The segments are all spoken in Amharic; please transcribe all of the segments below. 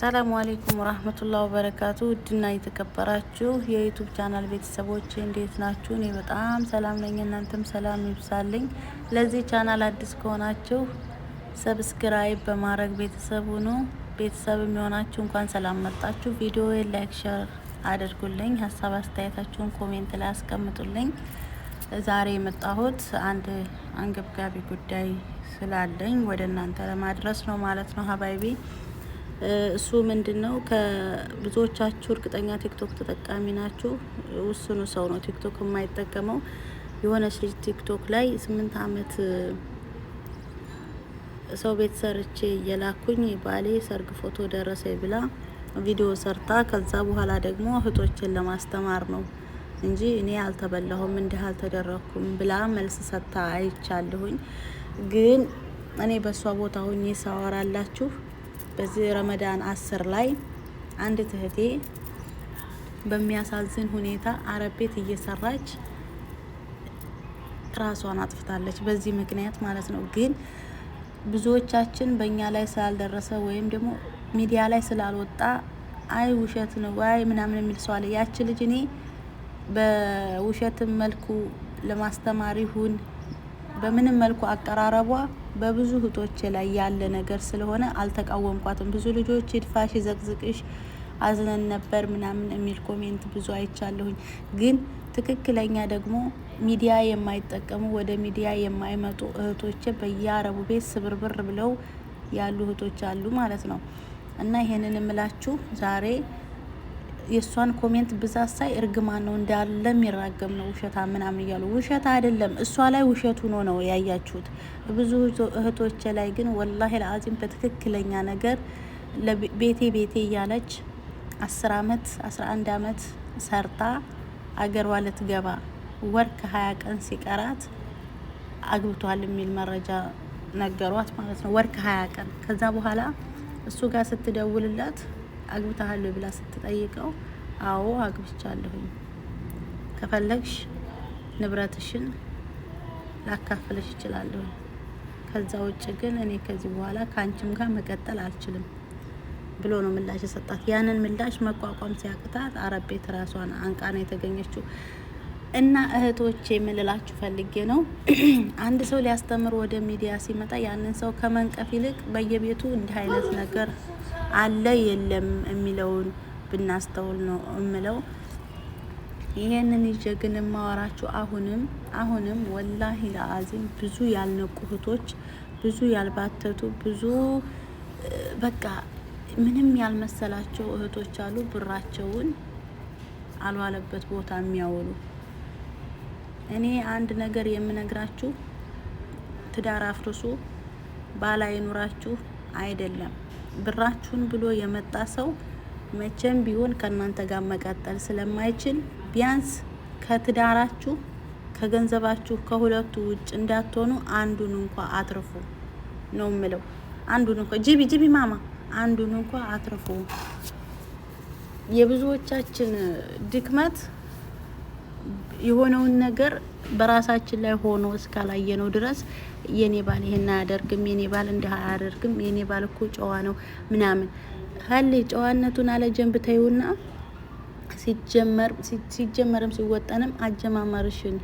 ሰላም አለይኩም ወራህመቱላሂ ወበረካቱ። ውድና የተከበራችሁ የዩቱብ ቻናል ቤተሰቦች እንዴት ናችሁ? እኔ በጣም ሰላም ነኝ፣ እናንተም ሰላም ይብሳልኝ። ለዚህ ቻናል አዲስ ከሆናችሁ ሰብስክራይብ በማድረግ ቤተሰብ ሁኑ። ቤተሰብ የሚሆናችሁ እንኳን ሰላም መጣችሁ። ቪዲዮ ላይክ፣ ሼር አድርጉልኝ። ሀሳብ አስተያየታችሁን ኮሜንት ላይ አስቀምጡልኝ። ዛሬ የመጣሁት አንድ አንገብጋቢ ጉዳይ ስላለኝ ወደ እናንተ ለማድረስ ነው ማለት ነው ሀባይቢ እሱ ምንድን ነው? ከብዙዎቻችሁ እርግጠኛ ቲክቶክ ተጠቃሚ ናችሁ። ውስኑ ሰው ነው ቲክቶክ የማይጠቀመው። የሆነች ልጅ ቲክቶክ ላይ ስምንት አመት ሰው ቤት ሰርቼ እየላኩኝ ባሌ ሰርግ ፎቶ ደረሰ ብላ ቪዲዮ ሰርታ ከዛ በኋላ ደግሞ እህቶችን ለማስተማር ነው እንጂ እኔ አልተበላሁም እንዲህ አልተደረግኩም ብላ መልስ ሰጥታ አይቻለሁኝ። ግን እኔ በእሷ ቦታ ሁኜ ሳወራላችሁ በዚህ ረመዳን አስር ላይ አንድ ትህቴ በሚያሳዝን ሁኔታ አረብ ቤት እየሰራች ራሷን አጥፍታለች። በዚህ ምክንያት ማለት ነው። ግን ብዙዎቻችን በእኛ ላይ ስላልደረሰ ወይም ደግሞ ሚዲያ ላይ ስላልወጣ አይ ውሸት ነው አይ ምናምን የሚል ሰው አለ። ያቺ ልጅ እኔ በውሸትም መልኩ ለማስተማር ይሁን በምንም መልኩ አቀራረቧ በብዙ እህቶች ላይ ያለ ነገር ስለሆነ አልተቃወምኳትም። ብዙ ልጆች ይድፋሽ፣ ይዘቅዝቅሽ፣ አዝነን ነበር ምናምን የሚል ኮሜንት ብዙ አይቻለሁኝ። ግን ትክክለኛ ደግሞ ሚዲያ የማይጠቀሙ ወደ ሚዲያ የማይመጡ እህቶች በየአረቡ ቤት ስብርብር ብለው ያሉ እህቶች አሉ ማለት ነው እና ይሄንን ምላችሁ ዛሬ የእሷን ኮሜንት ብዛት ሳይ እርግማን ነው እንዳለ የሚራገም ነው ውሸታ ምናምን እያሉ ውሸት አይደለም። እሷ ላይ ውሸት ሆኖ ነው ያያችሁት። ብዙ እህቶች ላይ ግን ወላሂ ለአዚም በትክክለኛ ነገር ቤቴ ቤቴ እያለች አስር አመት አስራ አንድ አመት ሰርታ አገሯ ልትገባ ወር ከሀያ ቀን ሲቀራት አግብቷል የሚል መረጃ ነገሯት ማለት ነው። ወር ከሀያ ቀን ከዛ በኋላ እሱ ጋር ስትደውልላት አግብተሃል ብላ ስትጠይቀው አዎ አግብቻለሁኝ፣ ከፈለግሽ ንብረትሽን ላካፍለሽ እችላለሁ። ከዛ ውጭ ግን እኔ ከዚህ በኋላ ከአንቺም ጋር መቀጠል አልችልም ብሎ ነው ምላሽ የሰጣት። ያንን ምላሽ መቋቋም ሲያቅታት አረብ ቤት ራሷን አንቃ ነው የተገኘችው። እና እህቶቼ የምልላችሁ ፈልጌ ነው አንድ ሰው ሊያስተምር ወደ ሚዲያ ሲመጣ ያንን ሰው ከመንቀፍ ይልቅ በየቤቱ እንዲህ አይነት ነገር አለ የለም የሚለውን ብናስተውል ነው እምለው። ይሄንን ይዤ ግን የማወራችሁ አሁንም አሁንም ወላሂ ለአዚም ብዙ ያልነቁ እህቶች፣ ብዙ ያልባተቱ፣ ብዙ በቃ ምንም ያልመሰላቸው እህቶች አሉ። ብራቸውን አልዋለበት ቦታ የሚያውሉ እኔ አንድ ነገር የምነግራችሁ ትዳር አፍርሱ ባል አይደለም። ብራችሁን ብሎ የመጣ ሰው መቼም ቢሆን ከእናንተ ጋር መቀጠል ስለማይችል ቢያንስ ከትዳራችሁ ከገንዘባችሁ ከሁለቱ ውጭ እንዳትሆኑ አንዱን እንኳ አትርፉ ነው የምለው። አንዱን እንኳ ጂቢ ጂቢ ማማ አንዱን እንኳ አትርፉ። የብዙዎቻችን ድክመት የሆነውን ነገር በራሳችን ላይ ሆኖ ነው ድረስ የኔ ባል ይሄን አያደርግም፣ የኔ ባል እንዲህ አያደርግም፣ የኔ ባል እኮ ጨዋ ነው ምናምን ሀሌ ጨዋነቱን አለጀን ብታዩና ሲጀመርም ሲወጠንም አጀማመርሽን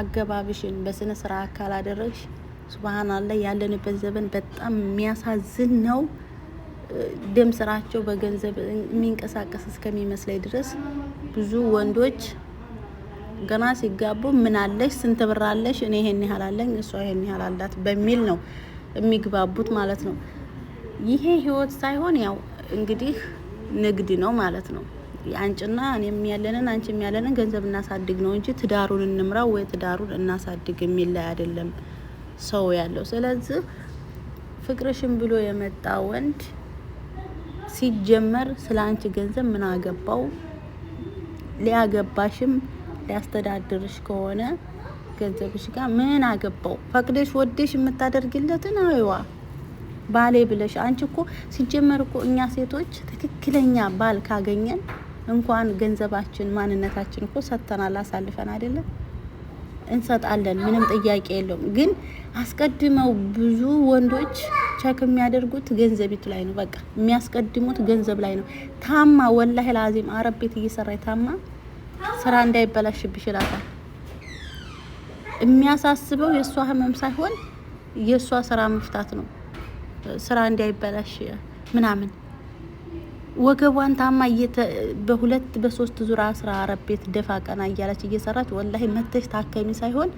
አገባብሽን በስነ አካል አደረግሽ። ሱብሃናላ ያለንበት ዘመን በጣም የሚያሳዝን ነው። ደም ስራቸው በገንዘብ የሚንቀሳቀስ እስከሚመስለኝ ድረስ ብዙ ወንዶች ገና ሲጋቡ ምን አለሽ፣ ስንት ብር አለሽ፣ እኔ ይሄን ያህል አለኝ፣ እሷ ይሄን ያህል አላት በሚል ነው የሚግባቡት ማለት ነው። ይሄ ህይወት ሳይሆን ያው እንግዲህ ንግድ ነው ማለት ነው። አንጭና እኔም ያለንን አንቺም ያለንን ገንዘብ እናሳድግ ነው እንጂ ትዳሩን እንምራው ወይ ትዳሩን እናሳድግ የሚል ላይ አይደለም ሰው ያለው። ስለዚህ ፍቅርሽን ብሎ የመጣ ወንድ ሲጀመር ስለ አንቺ ገንዘብ ምን አገባው ሊያገባሽም ሊያስተዳድርሽ ከሆነ ገንዘብሽ ጋር ምን አገባው? ፈቅደሽ ወደሽ የምታደርግለትን አይዋ ባሌ ብለሽ አንቺ እኮ ሲጀመር እኮ እኛ ሴቶች ትክክለኛ ባል ካገኘን እንኳን ገንዘባችን ማንነታችን እኮ ሰጥተናል፣ አሳልፈን አይደለም እንሰጣለን። ምንም ጥያቄ የለውም። ግን አስቀድመው ብዙ ወንዶች ቸክ የሚያደርጉት ገንዘቢቱ ላይ ነው። በቃ የሚያስቀድሙት ገንዘብ ላይ ነው። ታማ ወላሂ ላዚም አረብ ቤት እየሰራ ታማ ስራ እንዳይበላሽብሽ ይላታል። የሚያሳስበው የእሷ ህመም ሳይሆን የእሷ ስራ መፍታት ነው። ስራ እንዳይበላሽ ምናምን ወገቧን ታማ በሁለት በሶስት ዙራ ስራ አረቤት ደፋ ቀና እያለች እየሰራች ወላሂ መተሽ ታከሚ ሳይሆን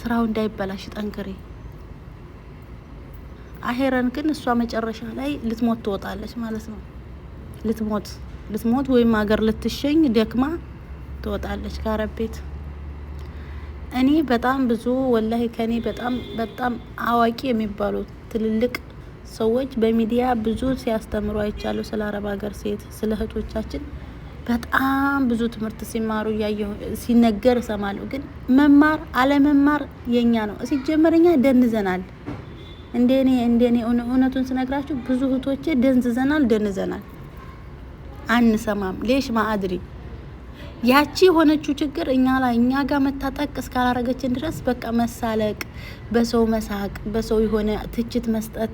ስራው እንዳይበላሽ ጠንክሬ አሄረን ግን እሷ መጨረሻ ላይ ልትሞት ትወጣለች ማለት ነው። ልትሞት ልትሞት ወይም ሀገር ልትሸኝ ደክማ ትወጣለች ከአረብ ቤት። እኔ በጣም ብዙ ወላሂ ከኔ በጣም በጣም አዋቂ የሚባሉ ትልልቅ ሰዎች በሚዲያ ብዙ ሲያስተምሩ አይቻሉ። ስለ አረብ ሀገር ሴት ስለ እህቶቻችን በጣም ብዙ ትምህርት ሲማሩ እያየሁ ሲነገር እሰማለሁ። ግን መማር አለመማር የኛ ነው። ሲጀመር እኛ ደንዘናል። እንደኔ እንደኔ እውነቱን ስነግራችሁ ብዙ እህቶቼ ደንዝዘናል፣ ደንዘናል፣ አንሰማም ሌሽ ማአድሪ ያቺ የሆነችው ችግር እኛ ላይ እኛ ጋር መታጠቅ እስካላረገችን ድረስ በቃ መሳለቅ፣ በሰው መሳቅ፣ በሰው የሆነ ትችት መስጠት።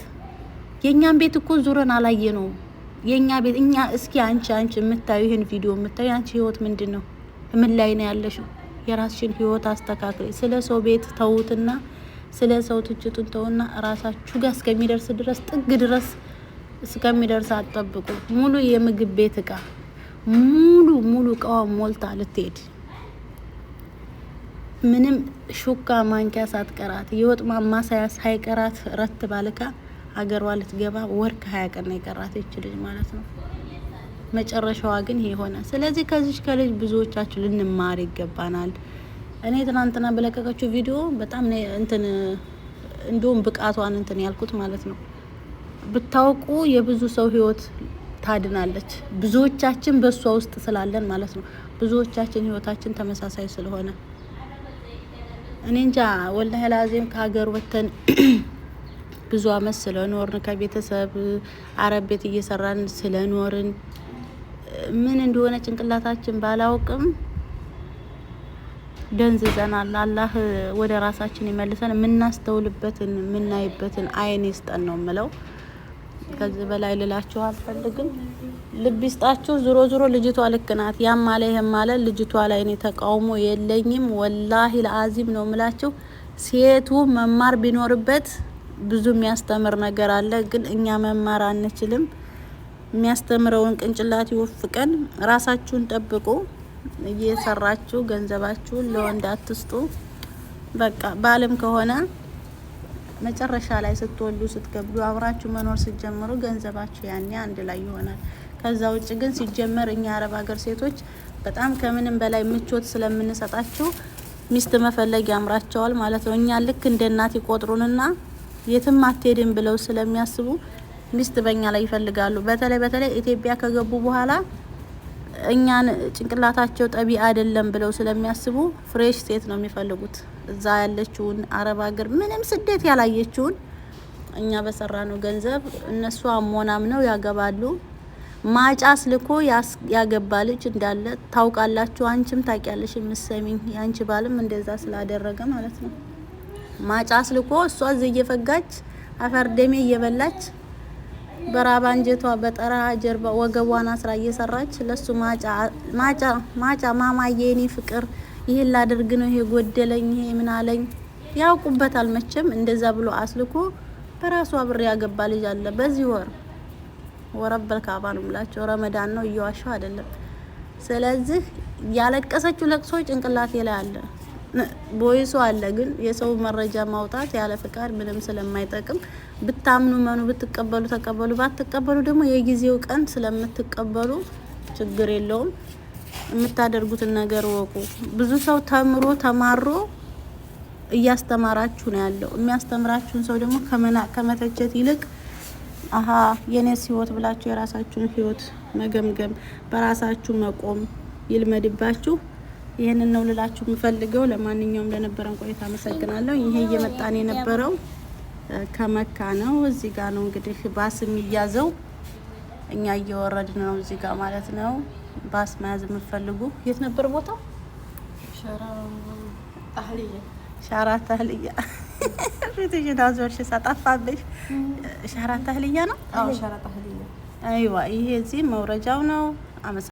የእኛን ቤት እኮ ዙረን አላየ ነው የእኛ ቤት እኛ እስኪ አንቺ አንቺ የምታዩ ይህን ቪዲዮ የምታዩ አንቺ ህይወት ምንድን ነው? ምን ላይ ነው ያለሽው? የራስሽን ህይወት አስተካክል። ስለ ሰው ቤት ተዉትና ስለ ሰው ትችቱን ተውና ራሳችሁ ጋር እስከሚደርስ ድረስ ጥግ ድረስ እስከሚደርስ አጠብቁ። ሙሉ የምግብ ቤት እቃ ሙሉ ሙሉ እቃዋን ሞልታ ልትሄድ ምንም ሹካ ማንኪያ ሳትቀራት የወጥ ማማሰያ ሳይቀራት ረት ባልካ አገሯ ልትገባ ወር ከሀያ ቀን ነው የቀራት ይች ልጅ ማለት ነው። መጨረሻዋ ግን የሆነ ስለዚህ ከዚች ከልጅ ብዙዎቻችሁ ልንማር ይገባናል። እኔ ትናንትና በለቀቀችው ቪዲዮ በጣም እንትን እንዲሁም ብቃቷን እንትን ያልኩት ማለት ነው። ብታውቁ የብዙ ሰው ህይወት ታድናለች። ብዙዎቻችን በእሷ ውስጥ ስላለን ማለት ነው። ብዙዎቻችን ህይወታችን ተመሳሳይ ስለሆነ እኔ እንጃ ወላሂ ላዚም ከሀገር ወተን ብዙ አመት ስለኖርን ከቤተሰብ አረብ ቤት እየሰራን ስለኖርን ምን እንደሆነ ጭንቅላታችን ባላውቅም ደንዝዘናል። አላህ ወደ ራሳችን ይመልሰን። የምናስተውልበትን የምናይበትን አይን ይስጠን ነው ምለው። ከዚህ በላይ ልላችሁ አልፈልግም። ልብ ይስጣችሁ። ዝሮ ዝሮ ልጅቷ ልክ ናት። ያም አለ ይህም አለ ልጅቷ ላይ እኔ ተቃውሞ የለኝም። ወላሂ ለአዚም ነው ምላችሁ። ሴቱ መማር ቢኖርበት ብዙ የሚያስተምር ነገር አለ፣ ግን እኛ መማር አንችልም። የሚያስተምረውን ቅንጭላት ይወፍቀን። ራሳችሁን ጠብቁ። እየሰራችሁ ገንዘባችሁን ለወንድ አትስጡ። በቃ በአለም ከሆነ መጨረሻ ላይ ስትወሉ ስትገብዱ አብራችሁ መኖር ስትጀምሩ ገንዘባችሁ ያኔ አንድ ላይ ይሆናል። ከዛ ውጭ ግን ሲጀመር እኛ አረብ ሀገር ሴቶች በጣም ከምንም በላይ ምቾት ስለምንሰጣቸው ሚስት መፈለግ ያምራቸዋል ማለት ነው። እኛ ልክ እንደ እናት ይቆጥሩንና የትም አትሄድም ብለው ስለሚያስቡ ሚስት በእኛ ላይ ይፈልጋሉ። በተለይ በተለይ ኢትዮጵያ ከገቡ በኋላ እኛን ጭንቅላታቸው ጠቢ አይደለም ብለው ስለሚያስቡ ፍሬሽ ሴት ነው የሚፈልጉት። እዛ ያለችውን አረብ ሀገር ምንም ስደት ያላየችውን እኛ በሰራ ነው ገንዘብ እነሱ አሞናም ነው ያገባሉ። ማጫስ ልኮ ያገባ ልጅ እንዳለ ታውቃላችሁ። አንቺም ታውቂያለሽ፣ የምትሰሚኝ የአንቺ ባልም እንደዛ ስላደረገ ማለት ነው። ማጫስ ልኮ እሷ እዚህ እየፈጋች አፈር ደሜ እየበላች በራባ አንጀቷ ጀርባ ወገቧን አስራ እየሰራች ለሱ ማጫ ማጫ ማጫ ማማዬ የኔ ፍቅር ይሄ ላደርግ ነው፣ ይሄ ጎደለኝ፣ ይሄ ምን አለኝ ያውቁበታል መቼም። እንደዛ ብሎ አስልኮ በራሱ አብሬ ያገባ ልጅ አለ። በዚህ ወር ወረበል ካባ ነው ምላቸው። ረመዳን ነው እየዋሸው አይደለም። ስለዚህ ያለቀሰችው ለቅሶ ጭንቅላቴ ላይ አለ፣ ቦይሶ አለ። ግን የሰው መረጃ ማውጣት ያለ ፍቃድ ምንም ስለማይጠቅም ብታምኑ መኑ፣ ብትቀበሉ ተቀበሉ፣ ባትቀበሉ ደግሞ የጊዜው ቀን ስለምትቀበሉ ችግር የለውም። የምታደርጉትን ነገር ወቁ። ብዙ ሰው ተምሮ ተማሮ እያስተማራችሁ ነው ያለው። የሚያስተምራችሁን ሰው ደግሞ ከመተቸት ይልቅ አሀ የኔስ ህይወት ብላችሁ የራሳችሁን ህይወት መገምገም፣ በራሳችሁ መቆም ይልመድባችሁ። ይህንን ነው ልላችሁ የምፈልገው። ለማንኛውም ለነበረን ቆይታ አመሰግናለሁ። ይሄ እየመጣን የነበረው ከመካ ነው። እዚህ ጋር ነው እንግዲህ ባስ የሚያዘው እኛ እየወረድን ነው እዚህ ጋር ማለት ነው። ባስ መያዝ የምትፈልጉ የት ነበር ቦታው? ሻራ ታህልያ ፊትሽን አዞርሽ ሳጠፋብሽ። ሻራ ታህልያ ነው። አይዋ ይሄ እዚህ መውረጃው ነው።